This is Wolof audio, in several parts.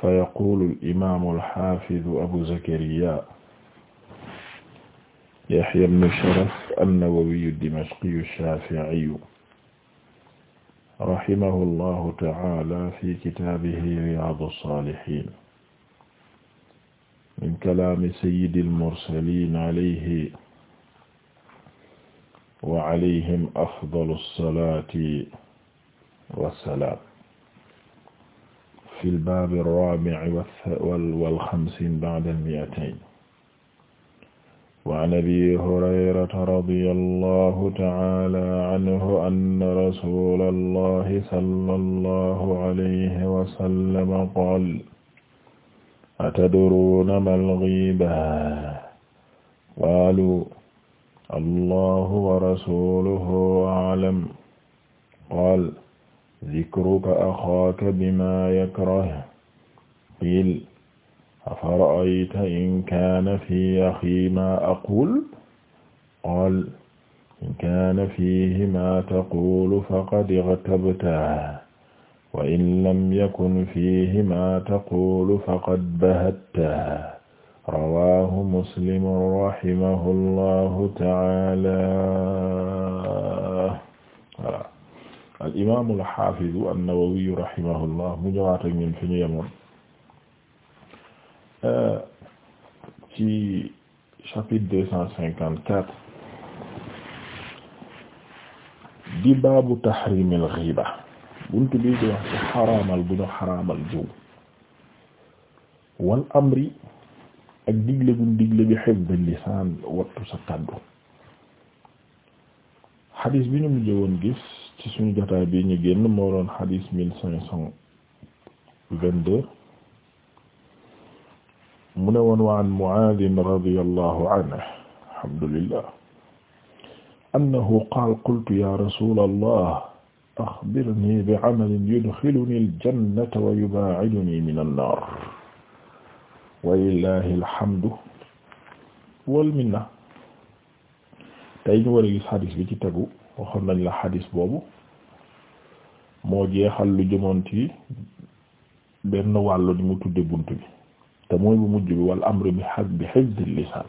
fa yaqulu al-imaamu al-haafidu abu zakariyaa yahyaa ibnu sharaf an-nawawiyyu ad-dimashqiyyu ash-shaafi'iyyu rahimahu llahu ta'aalaa fi kitaabihi riyaadu as-saalihiin min kalaami sayyidi al-mursaliin alayhi wa alayhim afdalu as-salaati wa salaam fi al-baab ar-raabi' wal xamsiin ba'da al-mi'atayn wa 'an abii hurayrata radiyallaahu ta'aalaa 'anhu anna rasuulallaahi sallallaahu 'alayhi wa sallam qaala atadruuna mal-ghiibah qaaluu allaahu wa rasuuluhu a'lam qaala dikruka axaaka bimaa yakrah qiil afara'ayta in kaana fii axii maa aqul qaal in kaana fiihi maa taquulu faqad ightabtahu wa in lam yakun fiihi maa taquulu faqad bahattahu rawaahu muslim rahimahu llaahu ta'aalaa al imaamu al xaafizu an mu ñëwaat ak ñun fi ñu yemoon euh, ci chapitre di baabu tahrimil ghiba bunt bi di wax xaraamal bu ñu xaraamal jiw wal amri ak digle buñ digle bi hifz lisaan wattu sa kàddu xadiis bi ñu mujj woon gis ci suñu jotaay bi ñu génn moo doon xadis mille cinq cent vingt-deux mu ne woon wa an Muaaz radiyallahu anhu alhamdulillah annahu qaala qultu ya rasula allah axbirni bi'amalin yudxiluni aljannata wa yubaaciduni min annaar walillahi alhamdu walminna tey ñu war a gis xadis bi ci tegu waxoon nañ la xadis boobu moo jeexal lu jëmoon ci benn wàllu ni mu tudde bunt bi te mooy bu mujj bi wal amru bi xas bi hifz lisaan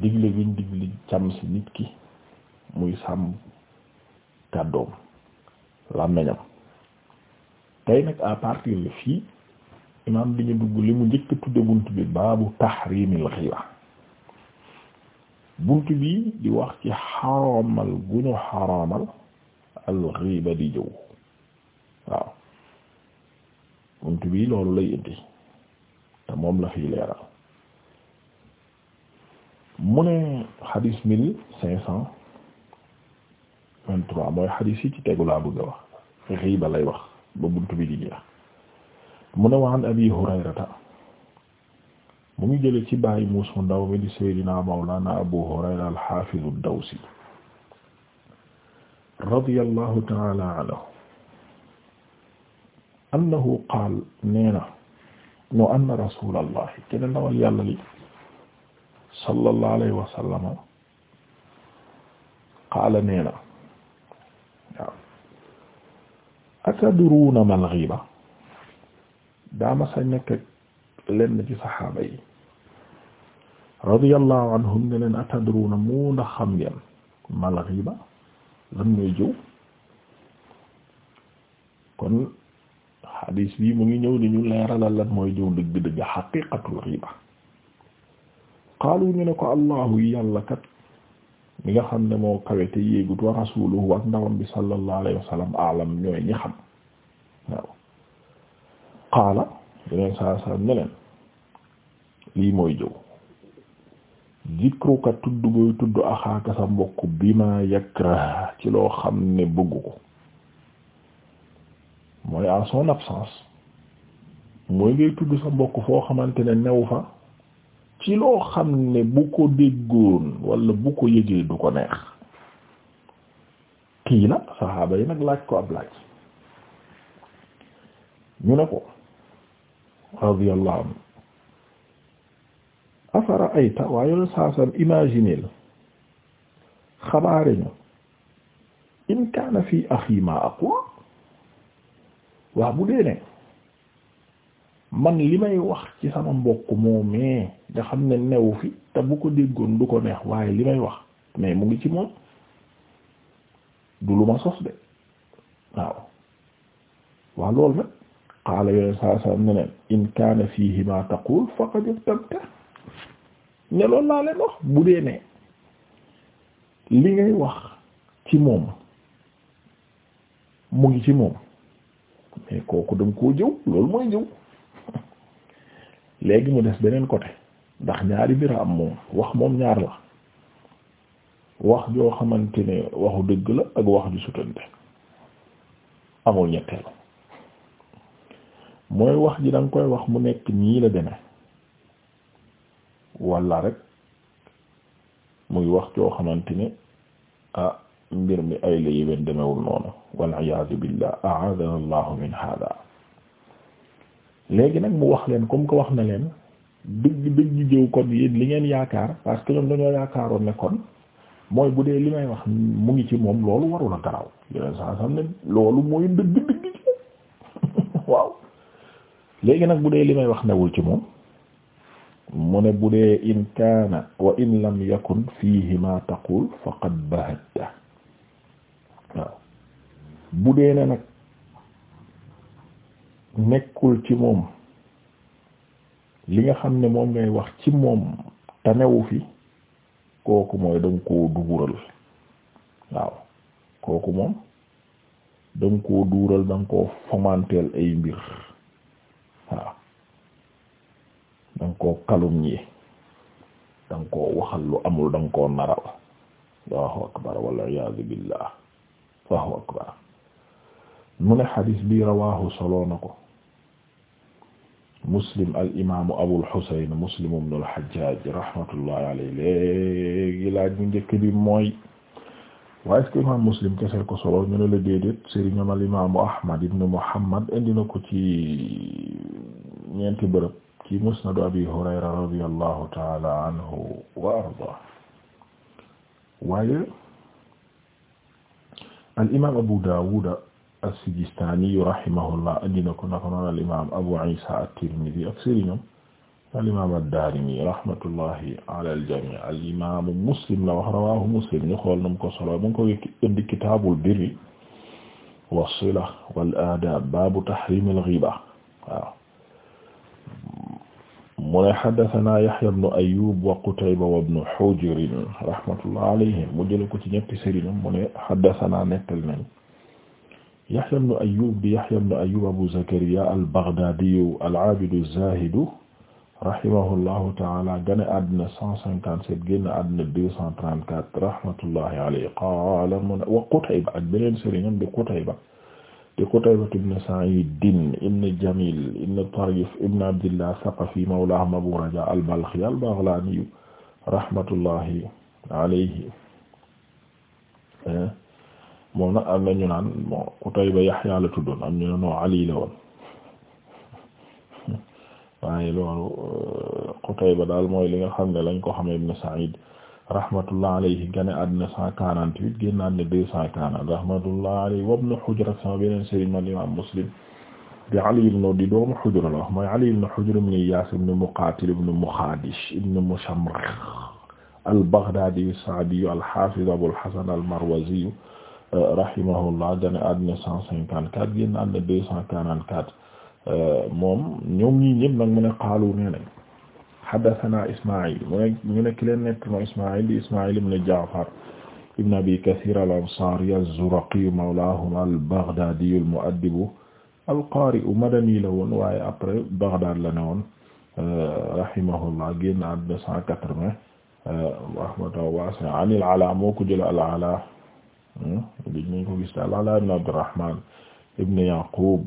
digle biñ digli cam si nit ki muy sàmm kàddoom làmmiñam tey nag à partir de fii imaam bi ñu dugg li mu njëkk tudde bunt bi baabu tahrimil xiiba bunt bii di wax ci xaraamal gu ñu xaraamal alxiiba di jëw waaw bunt bi loolu lay indi te moom la fiy leeral mu ne xadis mille cinq cent mooy xadis yi ci tegu laa bëgg a wax xiiba lay wax ba bunt bi di jeex mu ne waan abi hurayrata mu ngi jële ci bàyyi muus mu ndaw mi di saydina mawlana abu hurayra alxafidu dawsi radiyallahu taala anhu annahu qaal nee na no anna rasulallahi kene ndawal yàlla li sallallahu alayhi wa sallama qaala nee na waaw atadruuna mal ghiba daa masa nekk lenn ci saxaaba yi radiyallahu anhum ne leen atadruna mu ndax xam ngeen mal ghiba lan mooy jëw kon hadis bi mu ngi ñëw di ñu leeralal lan mooy jëw dëgg-dëgg haqiqatul ghiba qaalu ñu ko allahu yàlla kat mi nga xam ne moo kawe te yéegut wa rasuluhu ak ndawam bi sallallahu alayhi wa sallam ñooy ñi xam waaw qaala yeneen saa saa ne lii mooy jëw zikruka tudd goy tudd axaaka sa mbokk bi ma yakra ci loo xam ne bëggu ko mooy en son absence mooy ngay tudd sa mbokk foo xamante ne new fa ci loo xam ne bu ko déggoon wala bu ko yëgee du ko neex kii la saxaaba yi nag laaj ko ab laaj ñu ne ko radiyallahu anhu afara ayta waaye yooyu saa saa imaginer la xabaare ñu in kaana fii axi ma aqul waa bu dee ne man li may wax ci sama mbokk moomee nga xam ne newu fi te bu ko déggoon du ko neex waaye li may wax mais mu ngi ci moom du lu ma sos de waaw waa loolu nag qaala yooyu saa saa ne in kaana fiihi ma taqul faqad ibtamta ne loolu laa leen wax bu dee ne li ngay wax ci moom mu ngi ci moom mais kooku danga koo jëw loolu mooy jëw léegi mu des beneen côté ndax ñaari a am moom wax moom ñaar la wax joo xamante ne waxu dëgg la ak wax ju sutante amul ñetteel mooy wax ji danga koy wax mu nekk nii la demee walla rek muy wax joo xamante ne ah mbir mi ay la yéwén demewul noonu waliyasu billah aadana allahu min hada léegi nag mu wax leen comme que wax na leen dëgg dëgg jëw kon yéen li ngeen yaakaar parce que ñoom dañoo yaakaaroon ne kon mooy bu dee li may wax mu ngi ci moom loolu warul a garaw yeneen saa xam ne loolu mooy dëgg dëgg waaw léegi nag bu dee li may wax newul ci moom mu ne bu dee in wa in lam yakun fiihi ma taqul faqad bahatta waaw bu dee ne nag nekkul ci moom li nga xam ne moom ngay wax ci moom te newu fi kooku mooy danga koo duural waaw kooku moom danga koo duural danga koo fomanteel ay mbir waaw da nga koo calomnier da nga waxal amul da nga koo naral akbar wal iyaazu billah Allahu akbar mu ne xadis bi rawaahu solo na ko muslim al imaamu abul xusayn muslim ibnul xajjaaj rahmatullahi alayhi léegi laaj bu njëkk bi mooy waaye est imaam muslim kese ko solo ñu ne la déedéet sëriñam al imaamu ahmad ibn muhammad indi na ko ci ñeenti bërëb. ci musnadu abi hurayra radiyallahu taala anhu wa arda waaye al imaam abu daawuda as-sijistaani rahimahullah andina ko naka noonu al imaam abu isa at-tirmidhi ak sëriñam al imaam ad-daarimi rahmatullahi ala al jamii al imaam muslim la wax rawaahu muslim ñu xool nu mu ko solo mu ngi ko indi kitaabul birri was-sila wal aadaab baabu tahriimil ghiiba waaw mu ne haddathana Yahya ibn Ayyub wa Qutayba wa ibn Hujr rahmatullah alayhim mu jël ko ci ñetti sëriñ mu ne haddathana nettali nañ Yahya ibn Ayyub di Yahya ibn Ayyub Abu Zakariya al-Baghdadi al-abid az-zahid rahimahullahu ta'ala gane àddina 157 génn àddina 234 rahmatullahi alayhi qaala mu ne wa Qutayba ak beneen sëriñam di Qutayba di Qutayba ibn Sa'id ibn Jamil a Tarif ibn Abdillah Saqafi mawlaahum Abu Raja al-Balkhi al-Baghlani rahmatullahi alayhi am na ñu naan bon Qutayba Yahya la tuddoon am ñu naan Ali la Qutayba daal mooy li nga xam ne lañ ko xamee ibn Sa'id rahmatullah alayhi gane àddina cent quarante-huit génn àddina deux cent quarante rahmatullah alayhi wa ibn Hujr sama beneen sëriñ ma imam Muslim di Ali ibn di doomu Hujr la wax mooy Ali ibn Hujr ibn Iyas ibn Muqatil ibn Mukhadish ibn Mushamrikh al-Baghdadi as-Sa'di al-Hafiz Abul Hasan al-Marwazi rahimahullah gane àddina cent cinquante-quatre génn àddina deux cent quarante-quatre moom ñoom ñii ñëpp nag mu ne xaalu nee nañ haddasanaa Ismaa'il mu ne mu ne ki leen nekk mooy Ismaa'il di Ismaa'il ibn Ja'far ibn Abi Kasiir al-Ansaari az-Zuraqiyu mawlaahum al-Baghdaadiyu al-mu'addibu al-qaari'u madani la woon waaye après Baghdad la ne woon rahimahullah génn at deux cent quatre-vingts rahmatan waasi'a an al-Alaa moo ko jël al-Alaa li hmm, ñu ko gis al-Alaa ibn Abdurrahmaan ibn Yaquub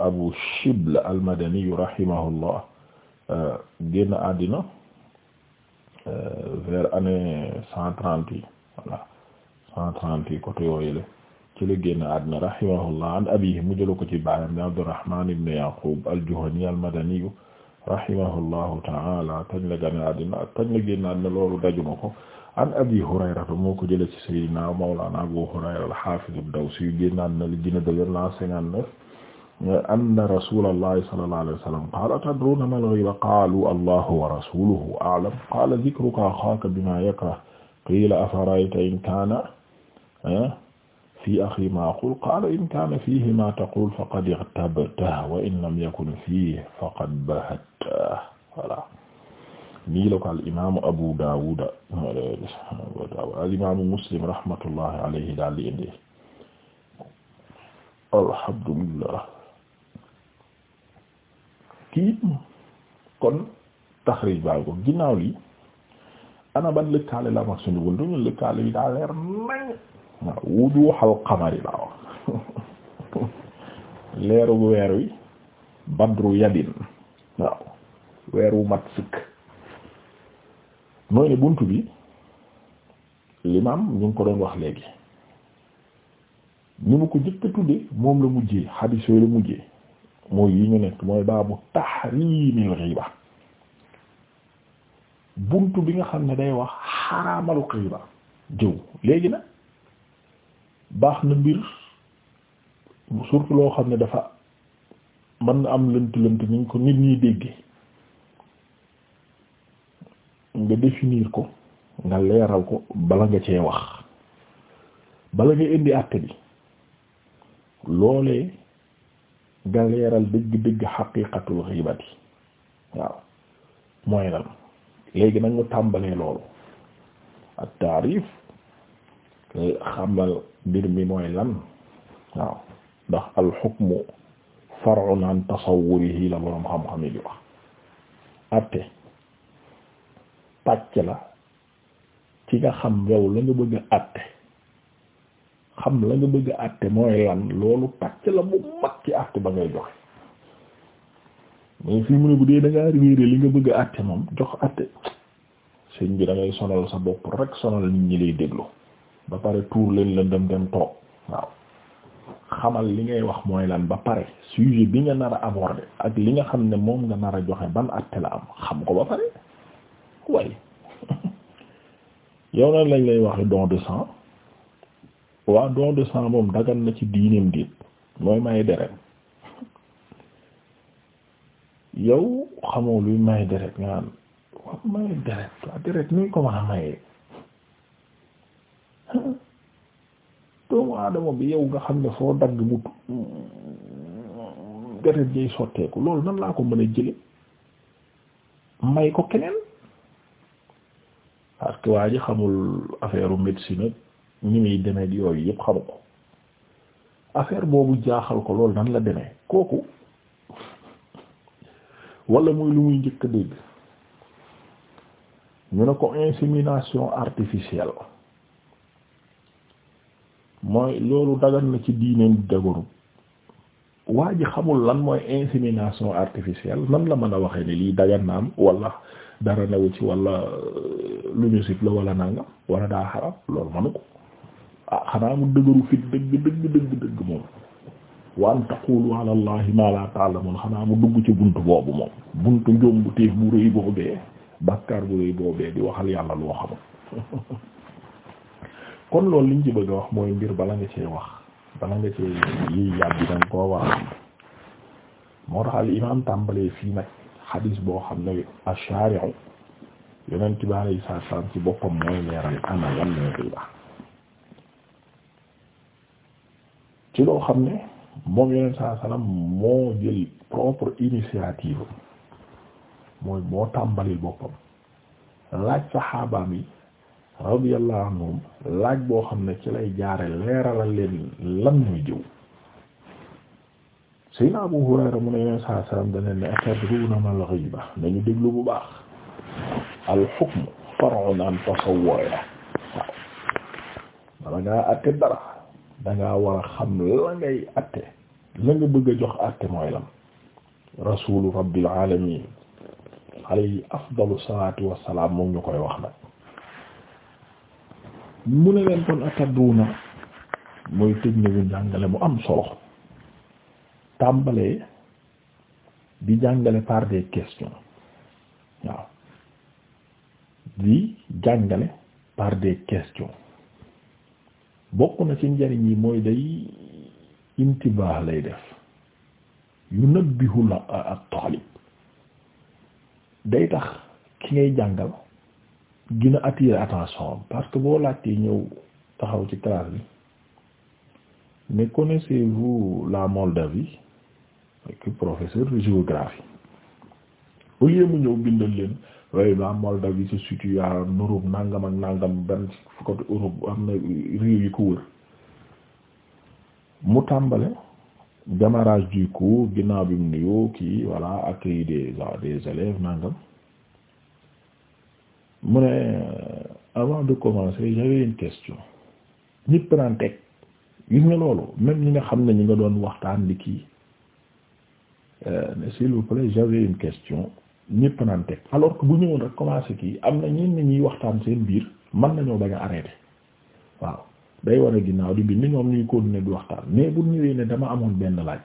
Abu Shibl al-Madaniyu rahimahullah Euh, génn àddina euh, vers année cent trente yi voilà côté yooyule ci la génn àddina rahimahullah an abihi mu jëlu ko ci baayam Abdurrahman ibn Yaqub al-Juhani al-Madani rahimahullahu ta'ala loolu dajuma ko an abi hurayrata moo ko jële ci sayyidina mawlana abu hurayra al-hafiz dawsi génn àddina li gën a la cinquante-neuf anna rasulallahi sallallahu alayhi wa sallam qaala atadruuna mal ghiba qaalu allahu wa rasuluhu a'lam qaala dhikruka axaaka bimaa yakrah qiila afara'ayta in kaana fii axii maa aqul qaala in kaana fiihi maa taqul faqad ightabtahu wa in lam yakun fiihi faqad bahattahu voilà nii la ko al imaamu Abu Daawud al imaamu Muslim rahmatullahi alayhi daal di indi alhamdulillah kii kon taxrij baa ko ginnaaw lii ana ban lëkkaale la mag suñu wël duñu lëkkaale bi daa leer nañ waaw wujuhal qamari laa wax leeru weer wi badru yadin waaw weer wu mat sëkk mooy ne bunt bi limaam ñu ngi ko doon wax léegi ni mu ko jëkk tudde moom la mujjee xadiis yooyu la mujjee mooy yi ñu nekk mooy baabu tahrimil ghiba buntu bi nga xam ne day wax xaraamalu ghiba jëw léegi nag baax na mbir surtout loo xam ne dafa mën na am lënt lënt ñu ko nit ñi déggee nga définir ko nga leeral ko bala nga cee wax bala nga indi àtte bi loolee nga leeral dëgg-dëgg xaqiqatul ghibati waaw mooy lan léegi nag mu tàmbalee loolu ak taarif xamal mbir mi mooy lan waaw ndax al hukmu far'un an tasawwurihi la boroom xam-xam yi di wax atte pàcc la ci nga xam yow la nga bëgg a xam la nga bëgg a àtte mooy lan loolu pàcc la bu mag ci àtte ba ngay joxe mais fi mu ne bu dee da ngaa réere li nga bëgg a àtte moom jox àtte sëñ bi da ngay sonal sa bopp rek sonal nit ñi lay déglu ba pare tuur leen la dem dem toog waaw xamal li ngay wax mooy lan ba pare sujet bi nga nar a aborder ak li nga xam ne moom nga nar a joxe ban àtte la am xam ko ba pare waaye yow nan lañ lay wax don de sang waa don de moom dagan na ci diineem déet mooy may deret yow xamoo luy may deret nga naan waaw deret waaw deret ni ko mën a mayee doomu aadama bi yow nga xam ne foo dagg bu deret jay sotteeku loolu nan laa ko mën a jële may ko keneen parce waa ji xamul affaire u médecine ñi muy demee di yooyu yëpp xamu ko affaire boobu jaaxal ko loolu nan la demee kooku wala muy lu muy njëkk a dégg ñu ne ko insémination artificielle mooy loolu dagan na ci diineen dagaru waa ji xamul lan mooy insémination artificielle nan la mën a waxee ni lii dagan na am walla dara newu ci wala lu ñu la wala nangam wala daa xaram loolu manu ko ah xanaa mu dëgëru fit dëgg dëgg dëgg dëgg moom wa an taqulu ala allahi ma la xanaa mu dugg ci buntu boobu moom buntu njoom bu téef bu rëy boobee bàkkaar bu rëy boobee di waxal yàlla loo xamul kon loolu liñ ci bëgg a wax mooy ngir bala nga ci wax bala nga ci yiy yàbbi danga koo war a moo tax al imam tàmbalee fii nag xadis boo xam ne ashari'u yonent bi alayhi salaam ci boppam mooy leeral ana lan ñoo koy ci loo xam ne moom yeneen saa moo jël propre initiative mooy moo tàmbalil boppam laaj saxaabaam yi radiyallahu anhum laaj boo xam ne ci lay jaare leeralal leen lan ñuy jëw Seydina Abu Hurayra mu ne yeneen saa salaam dana ne atadruuna mal ghiba nañu déglu bu baax al hukmu far'un an tasawwurihi waaw bala àtte dara dangaa war a xam la ngay atte la nga bëgg a jox atte mooy lam rasulu rabbil alamin alayhi afdalu salatu wassalam moom ñu koy wax nag mu ne leen kon atadduuna mooy tëj na bu jàngale mu am solo tàmbalee di jàngale par des questions waaw di jàngale par des questions bokk na ci njariñ yi mooy day intibah lay def yunabbihu la at-talib day tax ki ngay jàngal gina attirer attention parce que boo laajtee ñëw taxaw ci classe bi mais connaissez-vous la Moldavie professeur de géographie au mu ñëw bindal leen way ba Moldavie se situe à Europe nangam ak nangam benn ci côté Europe am na réew yi ko wër mu tàmbale démarrage du cours ginnaaw bi mu nuyoo kii voilà accueil des des élèves mu ne euh, avant de commencer j'avais une question ñëpp naan teg gis nga loolu même ñi nga xam ne ñi nga doon waxtaan di kii euh, mais s'il vous une question ñëpp naan teg alors que bu ñëwoon rek commencé kii am na ñenn ñuy waxtaan seen biir mën nañoo bañ a arrêté waaw day war a ginnaaw di bind ñoom ñuy continuer di waxtaan mais bu ñëwee ne dama amoon benn laaj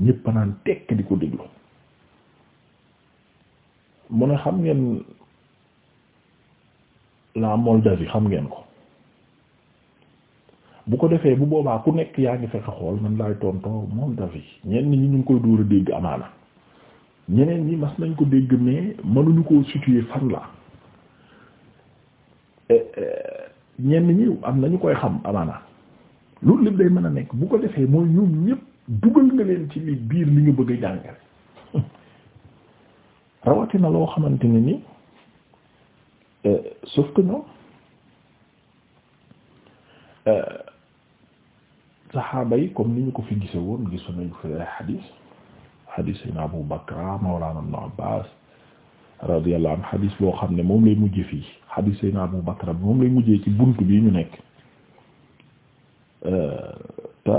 ñëpp di ko déglu mu ne xam ngeen la Moldavie xam ngeen ko bu ko defee bu boobaa ku nekk yaa ngi fekk xool man laay tontoo Moldavie ñenn ñi ñu koy dóor a dégg amaana. ñeneen yi mas nañ ko dégg mais mënuñu koo situer fan la eh, eh, ñenn ñi am nañu koy xam amaana loolu lépp day mën a nekk bu ko defee mooy ñoom ñépp dugal nga leen ci li biir li nga bëgg a jàngale rawatina loo xamante ne ni eh, sauf que non saxaaba yi comme ni ñu ko fi gise woon gisu nañu fi ay xadiis hadis sayna Abu Bakra mawlana Ibn Abbas radiyallahu anhu hadis boo xam ne moom lay mujjee fii hadis na Abu Bakra bi moom lay mujjee ci bunt bi ñu nekk euh, te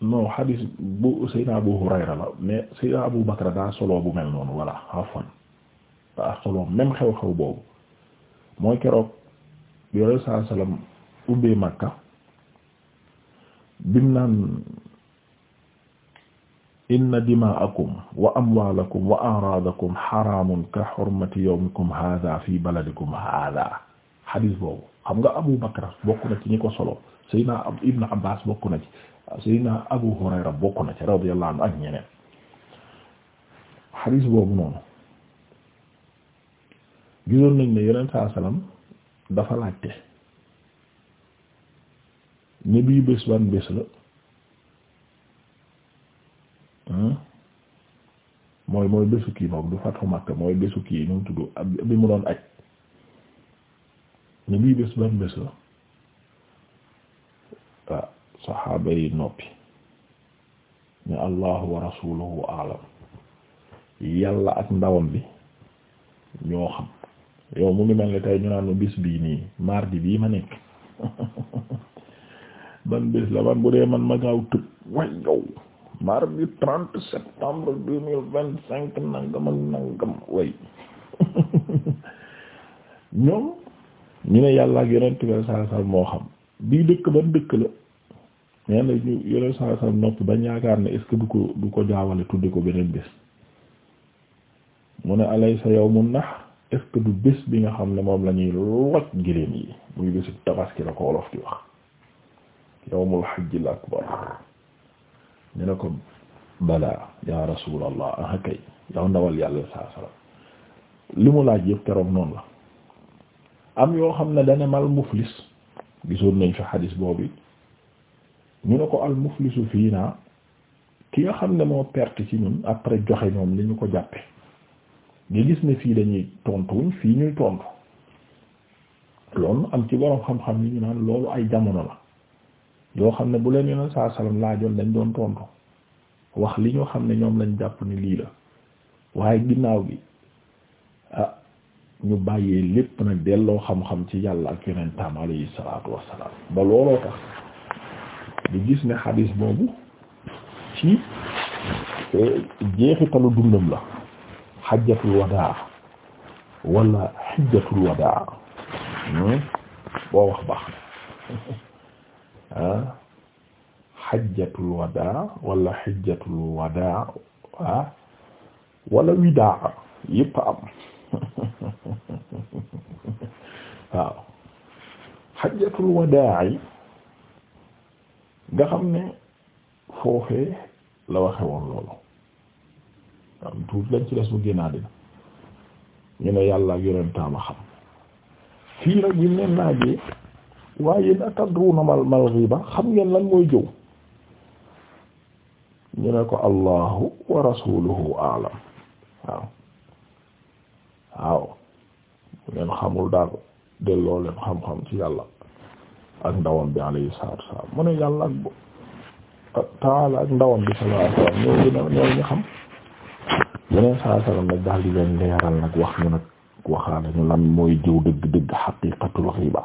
non hadis bu sayna Abu Hurayra la mais sayna Abu Bakra daa solo bu mel noonu voilà afwan daa solo même xew-xew boobu mooy keroog bi sallallahu alayhi wasallam ubbee Makka bim naan inna dima'akum wa amwaalakum wa a'raadakum xaraamun ka xurmati yawmikum haadha fi baladikum haadha xadis boobu xam nga Abu Bakr bokk na ci ñi ko solo Seydina Ibn Abbas bokk na ci Seydina Abu Hurayra bokk na ci radiyallahu anhu ak ñeneen xadis boobu noonu gisoon nañ ne yeneen saa salaam dafa laajte ñi bii bés ban bés la. Hmm? mooy mooy bésu kii moom du fatu Makka mooy bésu kii ñu tuddu bi mu doon aj ni bii bés ban bés la ah saxaaba yi noppi ne allahu wa rasuluhu alam yàlla ak ndawam bi ñoo xam yow mu ngi mel ni tey ñu naan bis bii nii mardi bii ma nekk ban bés la ban bu dee man ma gaaw tëb way yow mardi trente septembre deux mille vingt cinq nangam ak nangam way ñoom ñu ne yàlla ak yeneen bi saa saa moo xam bii dëkk ban dëkk la nee na yeneen yonent saa saa noppi bañ yaakaar ne est-ce que du ko du ko jaawale tudde ko beneen bés mu ne alaysa yawmun nahr est-ce que du bés bi nga xam ne moom lañuy ñuy loj giléem yi muy bésu tabaski la ko wolof di wax yawmul hajjil akbar ñu ne ko bala ya rasulallah ah kay yow ndawal yàlla saa sala li mu laaj yëpp keroog noon la am yoo xam ne dane mal muflis gisoon nañ fi xadis boobu ñu ne ko al muflisu fii naa ki nga xam ne moo perte ci ñun après joxe ñoom li ñu ko jàppe nga gis ne fii dañuy tontuwuñ fii ñuy tontu loolu am ci borom xam-xam yi ñu naan loolu ay jamono la loo xam ne bu leen yoneen saa salaam laajoon dañ doon tontu wax li ñoo xam ne ñoom lañ jàpp ni lii la waaye ginnaaw bi ah ñu bàyyee lépp nag delloo xam-xam ci yàlla ak yonentam alayhi salaatu wassalaam ba looloo tax di gis ne xadiis boobu ci eh, jeexitalu dundam la xajjatul wadaa wala xijjatul wadaa hmm? boo wax baax na ah xajjatul wadaa wala xajjatul wadaa ah wala widaa yëpp am waaw xajjatul wadaa nga xam ne foofee la waxe loolu am lañ ci des bu génnaa dina ñu ne yàlla ak yonentaama xam fii nag bi ne naajee waaye yéen atadruna ma mal ghiba xam ngeen lan mooy jëw ñu ne ko allahu wa rasuluhu aalam waaw waaw ngeen xamul daal delloo leen xam-xam ci yàlla ak ndawam bi alayhi salaatu wa salaam mu ne yàlla ak taala ak ndawam leen leeral nag wax ñu nag waxaale ñu lan mooy jëw dëgg-dëgg xaqiqatul ghiba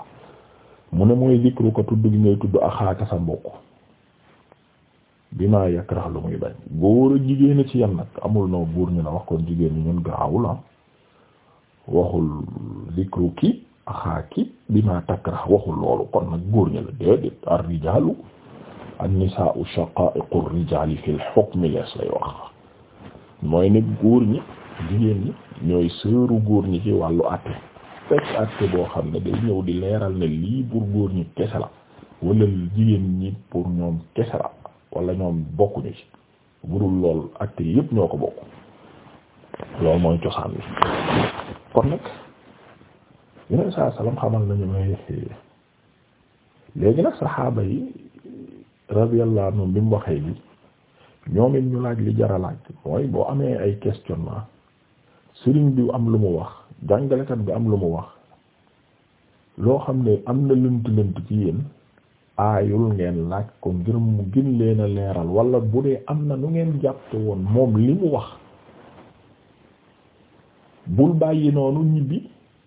mu ne mooy zikru ko tudd gi ngay tudd axaaka sa mbokk bi maa yakrah lu muy bañ góor a jigéen ci yam nag amul noo góor ñu la wax kon jigéen ñi ñun gaawul ah waxul zikru ki axaaki bi maa takrah waxul loolu kon nag góor ñu la déedéet ar rijaalu an-nisaa'u shaqaa'iqu rijaali fil hukmi lees lay wax mooy ne góor ñi jigéen ñooy sëru góor ñi ci wàllu àtte fekk acte boo xam ne day ñëw di leeral ne lii pour góor ñi kese la wala jigéen ñi pour ñoom kese la wala ñoom bokkuñu ci budul lool acte yépp ñoo ko bokk loolu mooy cosaan bi kon nag yeneen saa xamal nañu may léegi nag saxaaba yi radiyallahu bi mu waxee li ñoom ñu laaj li jara laaj mooy boo amee ay questionnement sëriñ bi am lu mu wax jàngalekat bi am lu mu wax loo xam ne am na lënt lënt ci yéen aayul ngeen laaj ko ngir mu gën leen a leeral walla bu dee am na nu ngeen jàpp woon moom li mu wax bul bàyyi noonu ñibbi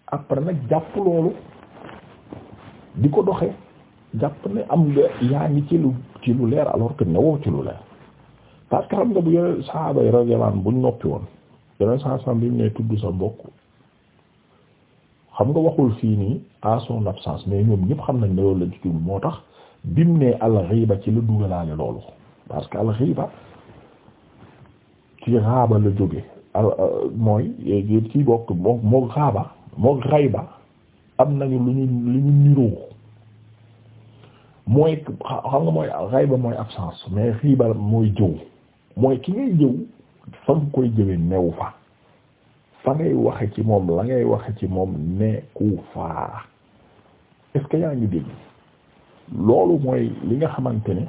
après nag jàpp loolu di ko doxe jàpp ne am nga yaa ngi ci lu ci lu leer alors que ne woo ci lu leer parce xam nga bu yore saaba yi radiyallahu anhum buñ noppi woon yore saa saa bi mu ne tudd sa mbokk xam nga waxul fii nii à son absence mais ñoom ñëpp xam nañ ne loolu la ci jublu moo tax bim ne al-ghiba ci la dugalaale loolu parce que al-ghiba ci raaba la jóge euh, mooy ci bokk moo moo raaba moo rayba am nañu lu ñu lu ñu niroo mooy xam nga mooy rayba mooy absence mais xiiba mooy jëw mooy ki ngay jëw fa nga koy jëwe new fa fa ngay waxe ci moom la ngay waxe ci moom ne ku faa yaa ngi dégg loolu mooy li nga xamante ne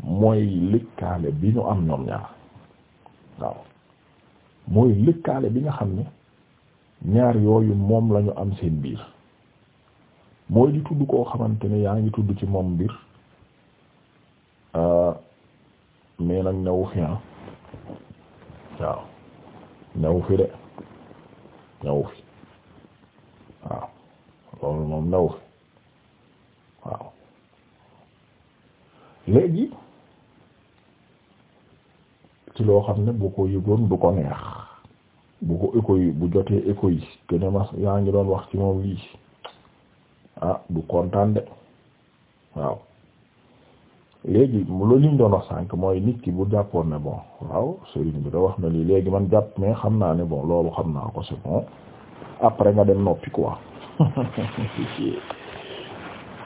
mooy lëkkaale bi ñu am ñoom ñaar waaw lëkkaale bi nga xam ne ñaar yooyu moom lañu am seen biir mooy di tudd koo xamante ne yaa ngi tudd ci moom mbir euh, mais nag new fi ah. waaw newu fi de ñëw fi waaw loolu moom ñëw fi waaw léegi ci loo xam ne bu ko yëgoon du ko neex bu ko écho yi bu jotee écho yi que ne ma yaa ngi doon wax ci moom lii ah du kontaan de waaw. léegi loolu li ñu doon wax sànq mooy nit ki bu jàppoon ne bon waaw sëriñ bi da wax na lii léegi man jàpp mais xam naa ne bon loolu xam naa ko c'est bon après nga dem noppi quoi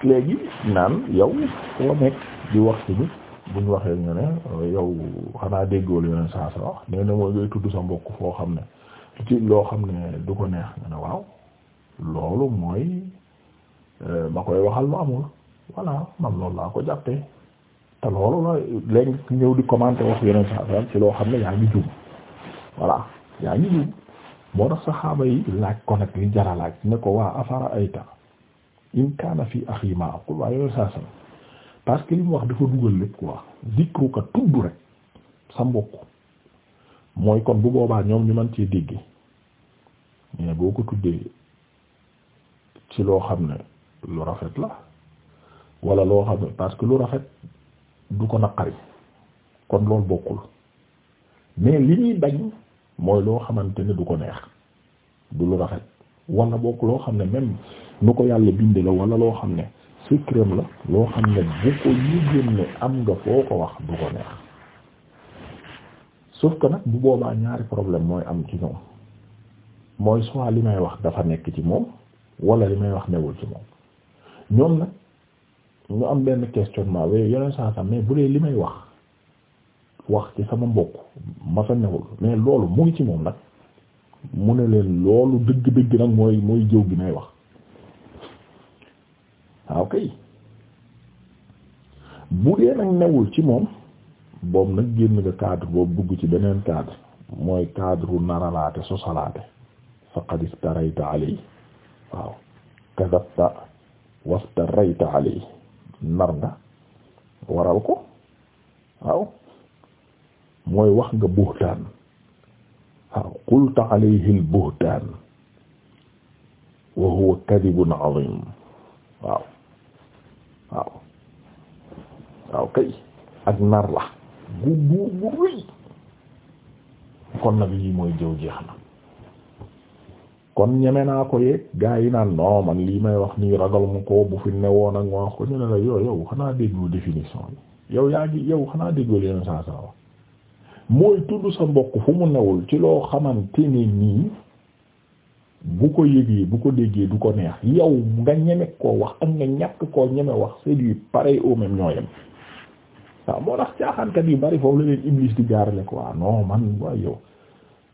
léegi naan yow foo nekk di wax ci nit bu ñu waxee ñu ne yow xanaa déggoo lu saa sa wax nee na mooy ngay tudd sa mbokk foo xam ne ci loo xam ne du ko neex nga ne waaw loolu mooy euh, ma koy waxal lu amul voilà man loolu laa ko jàppee. te loolu la léegi ñëw di commenter wax yeneen saxaaba ci loo xam ne yaa ngi juum voilà yaa ngi juum moo tax saxaaba yi laaj ko nag li jara ne ko waa afara ayta in kaana fii axi ma aqul parce que li mu wax dafa dugal lépp quoi dikru ko tudd rek sa mbokk mooy kon bu boobaa ñoom ñu mën cee dégg mais boo ko tuddee ci loo xam ne lu rafet la wala loo xam ne parce que lu rafet. du ko naqari kon loolu bokkul mais li ñuy bañ mooy loo xamante ne du ko neex du lu rafet wala bokk loo xam ne même nu ko yàlla bind la walla loo xam ne secret la loo xam ne bu ko yëgéen ne am nga foo ko wax du ko neex sauf que nag bu boobaa ñaari problème mooy am ci ñoom mooy soit li may wax dafa nekk ci moom wala li may wax newul ci moom ñoom nag ñu am benn questionnement waaye yeneen saa sax mais bu dee li may wax wax ci sama mbokk ma fa newul mais loolu mu ngi ci moom nag mu ne leen loolu dëgg-dëgg nag mooy mooy jëw bi may wax waaw ah, kay bu dee nag newul ci moom boobu nag génn nga cadre boobu dugg ci beneen cadre mooy cadre naralaate sosalaate faqad iftarayta alay waaw kadabta waftarayta alay nar nga waral ko waaw mooy wax nga buhtaan waaw qulta alayhi al buhtaan wa huwa kadibun azim waaw waaw waaw kay ak nar la gu gu gu rëy kon nag lii mooy jëw jeex na kon ñeme naa ko yeeg gaa yi naan non man lii may wax nii ragal mu ko bu fi newoon ak ma wax ko ñu ne la yow yow xanaa déglu définition yi yow yaa ngi yow xanaa déglu yeneen saa saa wax mooy tudd sa mbokk fu mu newul ci loo xamante ne nii bu ko yëgee bu ko déggee du ko neex yow nga ñeme koo wax ak nga ñàkk koo ñeme wax c'est du pareil au même ñoo yem waaw moo tax caaxaankat yu bari foofu la leen iblis di jaarale quoi non man waaye yow.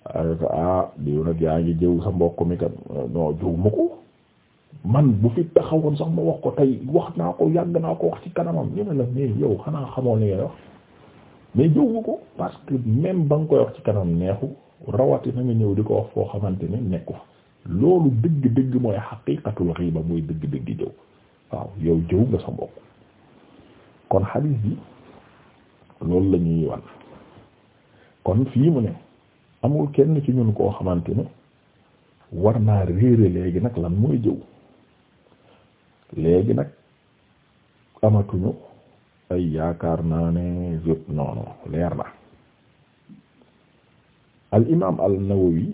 ayka ah yaa ngi jëw sa mbokk mi kat non jëw ma ko man bu fi taxawoon sax ma wax ko tey wax naa ko yàgg naa ko wax ci kanamam ñu a la mais yow xanaa xamoo li ngay wax mais jëw ma ko parce que même ba nga koy wax ci kanamam neexu rawati na nga ñëw di ko wax foo xamante ne nekku loolu dëgg-dëgg mooy xaqiqatul ghiba mooy dëgg-dëgg jëw waaw yow jëw nga sa mbokk kon xadiis bi loolu la wan kon fii mu ne amul kenn ci ñun koo xamante ne war naa réere léegi nag lan mooy jëw léegi nag amatuñu ay yaakaar naa ne jëpp noonu leer na al imaam al nawawi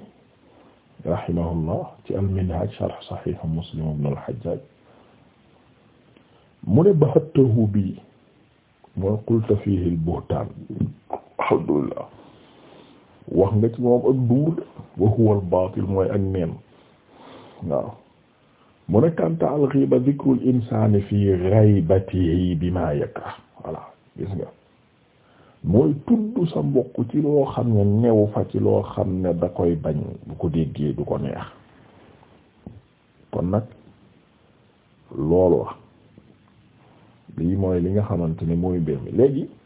rahimahullah ci al minhaj sharh sahih muslim ibn al hajjaj mu ne bahatahu bii mooy qulta fiihi al buhtaan alhamdulillah wax nga ci moom ak duur wa huwa baatil mooy ak neen waaw mu ne kanta al fi ghaibatihi bima gis nga mooy tudd sa mbokk ci loo xam ne new fa ci loo xam ne da koy bañ bu ko déggee du ko neex kon nag loolu wax lii mooy li nga xamante ne mooy mbir léegi